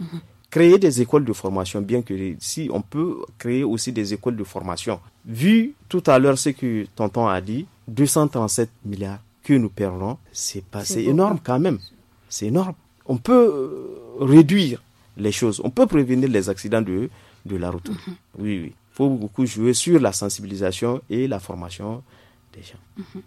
D: Créer des écoles de formation, bien que si on peut créer aussi des écoles de formation. Vu tout à l'heure ce que Tonton a dit, 237 milliards que nous perdons, c'est pas, énorme quand même. C'est énorme. On peut euh, réduire les choses. On peut prévenir les accidents de, de la route. Mhm. Oui, oui. Il faut beaucoup jouer sur la sensibilisation et la formation gens. Mhm.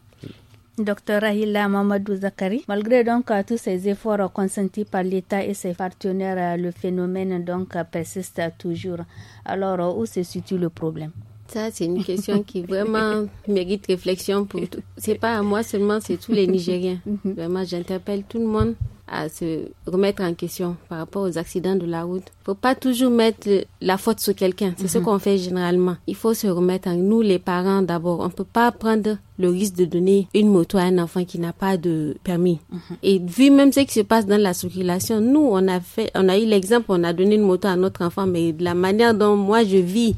A: Docteur Rahila Mamadou Zakari, malgré donc euh, tous ces efforts consentis par l'État et ses partenaires, euh, le phénomène
C: donc euh, persiste toujours. Alors, où se situe le problème ça, c'est une question qui vraiment mérite réflexion pour tout. C'est pas à moi seulement, c'est tous les Nigériens. Mhm. Vraiment, j'interpelle tout le monde à se remettre en question par rapport aux accidents de la route. Faut pas toujours mettre la faute sur quelqu'un. C'est ce mhm. qu'on fait généralement. Il faut se remettre en nous, les parents d'abord. On peut pas prendre le risque de donner une moto à un enfant qui n'a pas de permis. Mhm. Et vu même ce qui se passe dans la circulation, nous, on a fait, on a eu l'exemple, on a donné une moto à notre enfant, mais de la manière dont moi je vis,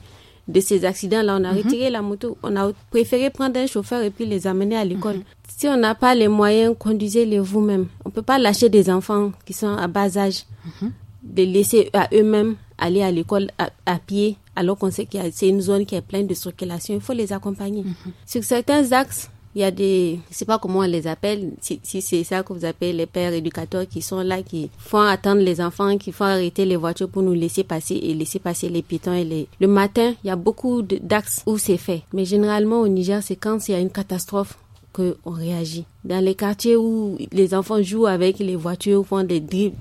C: de ces accidents-là, on a mhm. retiré la moto. On a préféré prendre un chauffeur et puis les amener à l'école. Mhm. Si on n'a pas les moyens, conduisez-les vous-même. On ne peut pas lâcher des enfants qui sont à bas âge, mhm. de laisser à eux-mêmes aller à l'école à, à, pied, alors qu'on sait que c'est une zone qui est pleine de circulation. Il faut les accompagner. Sur certains axes, il y a des, je sais pas comment on les appelle, si, c'est ça que vous appelez les pères éducateurs qui sont là, qui font attendre les enfants, qui font arrêter les voitures pour nous laisser passer et laisser passer les pitons et les... Le matin, il y a beaucoup d'axes où c'est fait. Mais généralement, au Niger, c'est quand il y a une catastrophe qu'on réagit. Dans les quartiers où les enfants jouent avec les voitures, font des drips,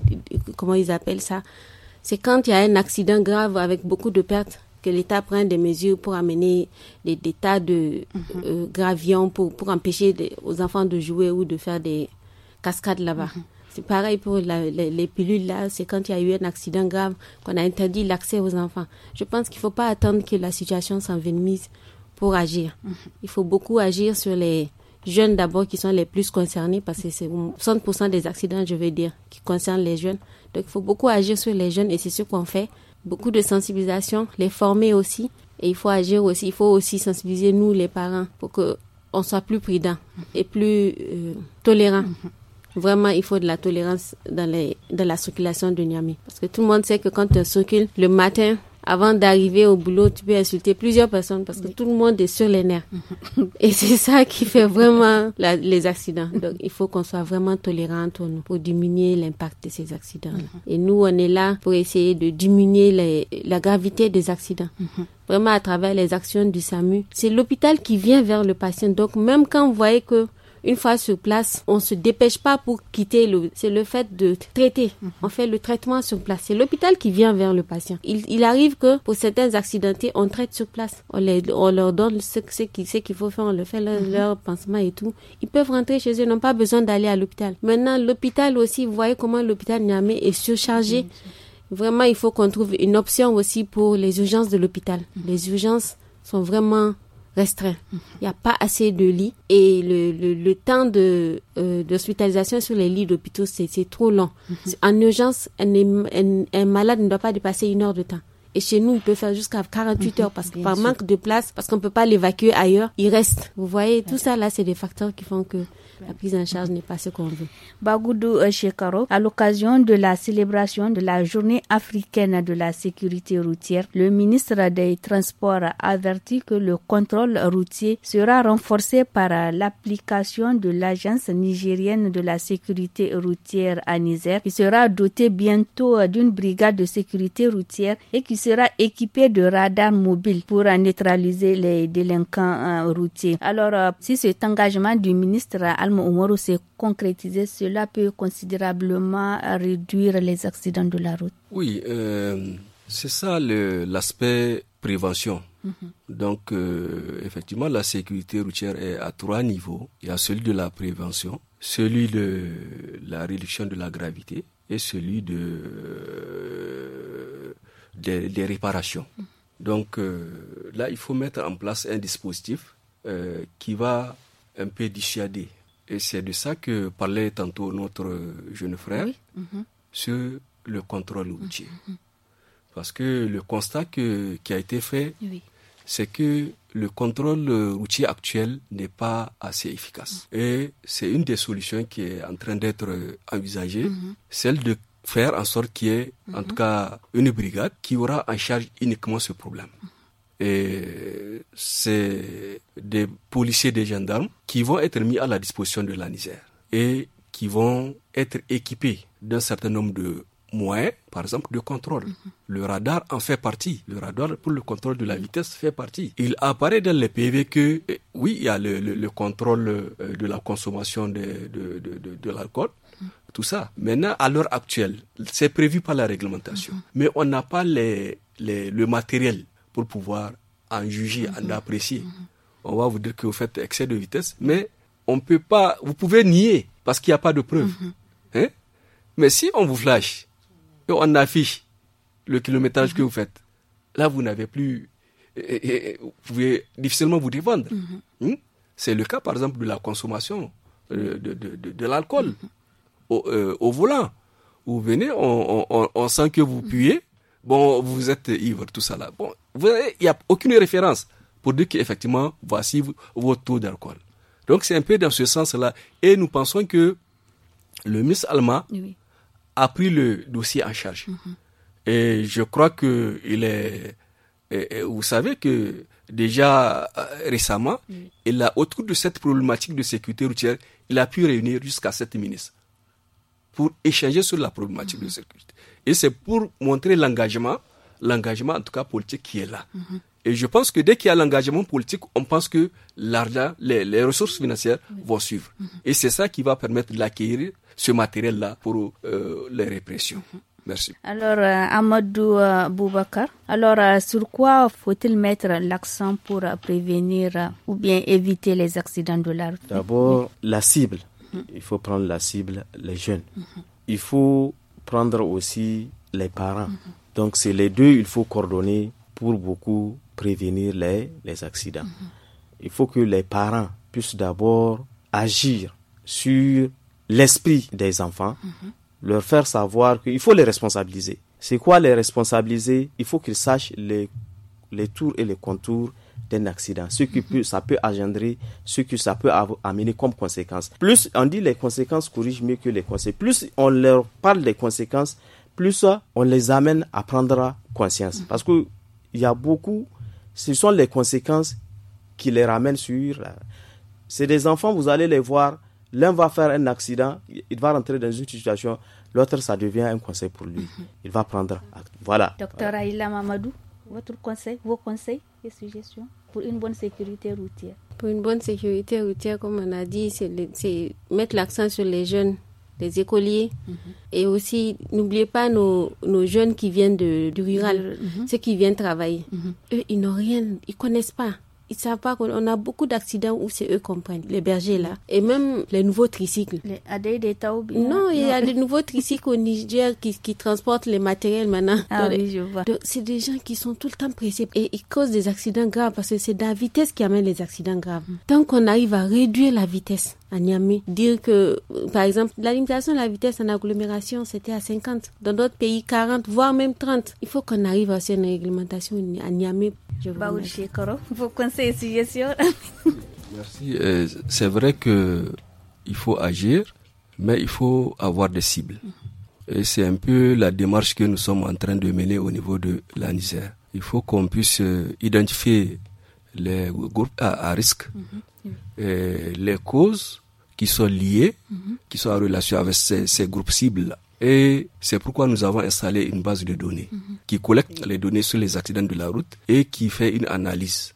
C: comment ils appellent ça, c'est quand il y a un accident grave avec beaucoup de pertes que l'État prenne des mesures pour amener des, tas de mhm. euh, gravions pour, pour empêcher aux enfants de jouer ou de faire des cascades là-bas. Mhm. C'est pareil pour les, pilules là, c'est quand il y a eu un accident grave qu'on a interdit l'accès aux enfants. Je pense qu'il ne faut pas attendre que la situation s'envenime pour agir. Mhm. Il faut beaucoup agir sur les jeunes d'abord qui sont les plus concernés parce que c'est 100% des accidents, je veux dire, qui concernent les jeunes. Donc il faut beaucoup agir sur les jeunes et c'est ce qu'on fait beaucoup de sensibilisation, les former aussi. Et il faut agir aussi, il faut aussi sensibiliser nous, les parents, pour qu'on soit plus prudents et plus euh, tolérant. tolérants. Mhm. Vraiment, il faut de la tolérance dans, dans la circulation de Niamey. Parce que tout le monde sait que quand on circule le matin, avant d'arriver au boulot, tu peux insulter plusieurs personnes parce que tout le monde est sur les nerfs. Et c'est ça qui fait vraiment les accidents. Donc, il faut qu'on soit vraiment tolérant pour diminuer l'impact de ces accidents-là. Mhm. Et nous, on est là pour essayer de diminuer la gravité des accidents. Mhm. Vraiment à travers les actions du SAMU. C'est l'hôpital qui vient vers le patient. Donc, même quand vous voyez que une fois sur place, on se dépêche pas pour quitter le, c'est le fait de traiter. Mhm. On fait le traitement sur place. C'est l'hôpital qui vient vers le patient. Il, arrive que pour certains accidentés, on traite sur place. On, leur donne ce, qu'il faut faire, on leur fait mhm. leur, pansement et tout. Ils peuvent rentrer chez eux, n'ont pas besoin d'aller à l'hôpital. Maintenant, l'hôpital aussi, vous voyez comment l'hôpital Niamey est surchargé. Vraiment, il faut qu'on trouve une option aussi pour les urgences de l'hôpital. Mhm. Les urgences sont vraiment restreint. Il n'y a pas assez de lits et le, le, le temps de de euh, d'hospitalisation sur les lits d'hôpitaux, c'est trop long. Mhm. En urgence, un, un, malade ne doit pas dépasser une heure de temps. Et chez nous, il peut faire jusqu'à 48 mhm. heures parce que par manque de place, parce qu'on ne peut pas l'évacuer ailleurs, il reste. Vous voyez, tout ça là, c'est des facteurs qui font que la prise en charge n'est pas ce qu'on veut.
A: Bagoudou Shekaro, à l'occasion de la célébration de la journée africaine de la sécurité routière, le ministre des Transports a averti que le contrôle routier sera renforcé par l'application de l'Agence nigérienne de la sécurité routière à Niger, qui sera dotée bientôt d'une brigade de sécurité routière et qui sera équipée de radars mobiles pour neutraliser les délinquants euh, routiers. Alors, euh, si cet engagement du ministre moins où c'est concrétisé, cela peut considérablement réduire les accidents de la route.
B: Oui, euh, c'est ça l'aspect prévention. Mm-hmm. Donc, euh, effectivement, la sécurité routière est à trois niveaux. Il y a celui de la prévention, celui de la réduction de la gravité et celui de, euh, des, réparations. Mm-hmm. Donc, là, il faut mettre en place un dispositif qui va un peu dissuader et c'est de ça que parlait tantôt notre jeune frère mhm. sur le contrôle routier. Mhm, mhm. Parce que le constat qui a été fait, c'est que le contrôle routier actuel n'est pas assez efficace. Et c'est une des solutions qui est en train d'être envisagée, celle de faire en sorte qu'il y ait en tout cas une brigade qui aura en charge uniquement ce problème c'est des policiers, des gendarmes qui vont être mis à la disposition de la Niger et qui vont être équipés d'un certain nombre de moyens, par exemple, de contrôle. Mhm. Le radar en fait partie. Le radar pour le contrôle de la vitesse fait partie. Il apparaît dans les PV que, eh, oui, il y a le, le, contrôle euh, de la consommation de, de, de, de, l'alcool, mhm. tout ça. Maintenant, à l'heure actuelle, c'est prévu par la réglementation. Mhm. Mais on n'a pas le matériel pouvoir en juger, en mhm. apprécier. Mhm. On va vous dire que vous faites excès de vitesse, mais on peut pas, vous pouvez nier parce qu'il n'y a pas de preuve. Mhm. Hein? Mais si on vous flash et on affiche le kilométrage que vous faites, là vous n'avez plus, vous pouvez difficilement vous défendre. Hein? C'est le cas par exemple de la consommation de, de, l'alcool euh, au, volant. Vous venez, on, sent que vous puez, bon, vous êtes ivre, tout ça là. Bon, il n'y a aucune référence pour dire qu'effectivement, voici votre taux d'alcool. Donc c'est un peu dans ce sens-là. Et nous pensons que le ministre allemand a pris le dossier en charge.
E: Mm-hmm.
B: Et je crois que il est. vous savez que déjà euh, récemment, il a, autour de cette problématique de sécurité routière, il a pu réunir jusqu'à sept ministres pour échanger sur la problématique mm-hmm. de sécurité. Et c'est pour montrer l'engagement l'engagement, en tout cas politique, qui est là. Mhm. Et je pense que dès qu'il y a l'engagement politique, on pense que l'argent, les, ressources financières vont suivre. Mhm. Et c'est ça qui va permettre d'acquérir ce matériel-là pour euh, les répressions. Mhm. Merci.
A: Alors, euh, Amadou euh, Boubacar, alors sur quoi faut-il mettre l'accent pour prévenir ou bien éviter les accidents de la
D: D'abord, la cible. Il faut prendre la cible, les jeunes. Il faut prendre aussi les parents. Donc c'est les deux, il faut coordonner pour beaucoup prévenir les, les accidents. Mhm. Il faut que les parents puissent d'abord agir sur l'esprit des enfants, mhm. leur faire savoir qu'il faut les responsabiliser. C'est quoi les responsabiliser Il faut qu'ils sachent les, les tours et les contours d'un accident, ce que mhm. ça peut engendrer, ce que ça peut amener comme conséquence. Plus on dit les conséquences corrigent mieux que les conséquences, plus on leur parle des conséquences, plus on les amène à prendre conscience. Parce qu'il y a beaucoup, ce sont les conséquences qui les ramènent sur... C'est des enfants, vous allez les voir, l'un va faire un accident, il va rentrer dans une situation, l'autre, ça devient un conseil pour lui. Mhm. Il va prendre Voilà.
A: Docteur Aïla Mamadou, votre conseil, vos conseils et suggestions pour une bonne sécurité routière
C: Pour une bonne sécurité routière, comme on a dit, c'est mettre l'accent sur les jeunes les écoliers. Mhm. Et aussi, n'oubliez pas nos, nos, jeunes qui viennent du rural, mhm. ceux qui viennent travailler. Mhm. Eux, ils n'ont rien, ils connaissent pas. Ils savent pas qu'on a beaucoup d'accidents où c'est eux qu'on comprennent, les bergers là. Et même les nouveaux tricycles. Les des Non, il y a des nouveaux tricycles au Niger qui, qui transportent les matériels maintenant. Ah oui, je vois. C'est des gens qui sont tout le temps pressés et ils causent des accidents graves parce que c'est la vitesse qui amène les accidents graves. Tant qu'on arrive à réduire la vitesse, à Niamey. Dire que, par exemple, la limitation de la vitesse en agglomération, c'était à 50. Dans d'autres pays, 40, voire même 30. Il faut qu'on arrive à une réglementation à Niamey. Je vous Vos conseils et suggestions
E: Merci.
B: Euh, c'est vrai que il faut agir, mais il faut avoir des cibles. Mm-hmm. Et c'est un peu la démarche que nous sommes en train de mener au niveau de la Niger. Il faut qu'on puisse euh, identifier les groupes à, risque, mm-hmm. Euh, les causes qui sont liées, qui sont en relation avec ces, ces groupes cibles. Et c'est pourquoi nous avons installé une base de données qui collecte les données sur les accidents de la route et qui fait une analyse.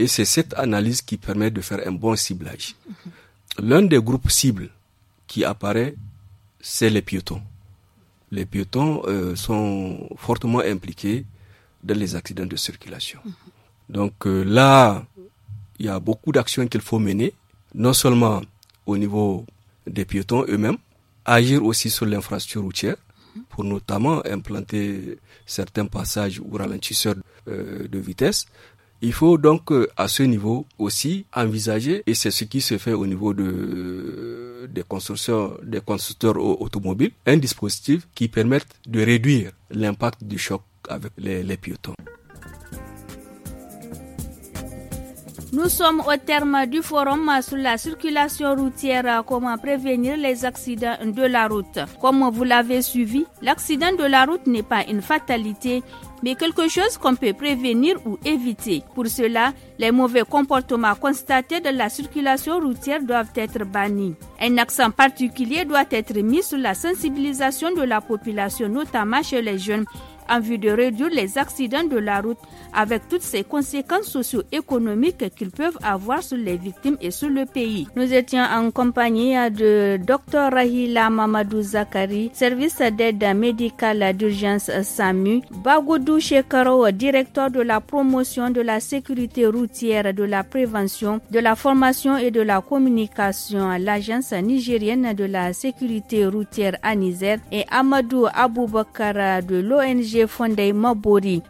B: Et c'est cette analyse qui permet de faire un bon ciblage. L'un des groupes cibles qui apparaît, c'est les piétons. Les piétons euh, sont fortement impliqués dans les accidents de circulation. Donc euh, là, il y a beaucoup d'actions qu'il faut mener, non seulement au niveau des piétons eux-mêmes, agir aussi sur l'infrastructure routière pour notamment implanter certains passages ou ralentisseurs euh, de vitesse. Il faut donc euh, à ce niveau aussi envisager, et c'est ce qui se fait au niveau de, euh, des constructeurs, des constructeurs automobiles, un dispositif qui permette de réduire l'impact du choc avec les piétons.
A: Nous sommes au terme du forum sur la circulation routière, comment prévenir les accidents de la route. Comme vous l'avez suivi, l'accident de la route n'est pas une fatalité, mais quelque chose qu'on peut prévenir ou éviter. Pour cela, les mauvais comportements constatés de la circulation routière doivent être bannis. Un accent particulier doit être mis sur la sensibilisation de la population, notamment chez les jeunes en vue de réduire les accidents de la route avec toutes ces conséquences socio-économiques qu'ils peuvent avoir sur les victimes et sur le pays. Nous étions en compagnie de Dr Rahila Mamadou Zakari, service d'aide médicale d'urgence SAMU, Bagoudou Shekaro, directeur de la promotion de la sécurité routière, de la prévention, de la formation et de la communication à l'agence nigérienne de la sécurité routière à et Amadou Aboubakara de l'ONG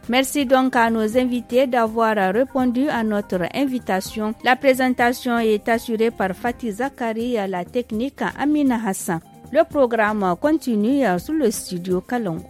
A: Merci donc à nos invités d'avoir répondu à notre invitation. La présentation est assurée par Fatih Zakari à la technique Amina Hassan. Le programme continue sur le studio Calon.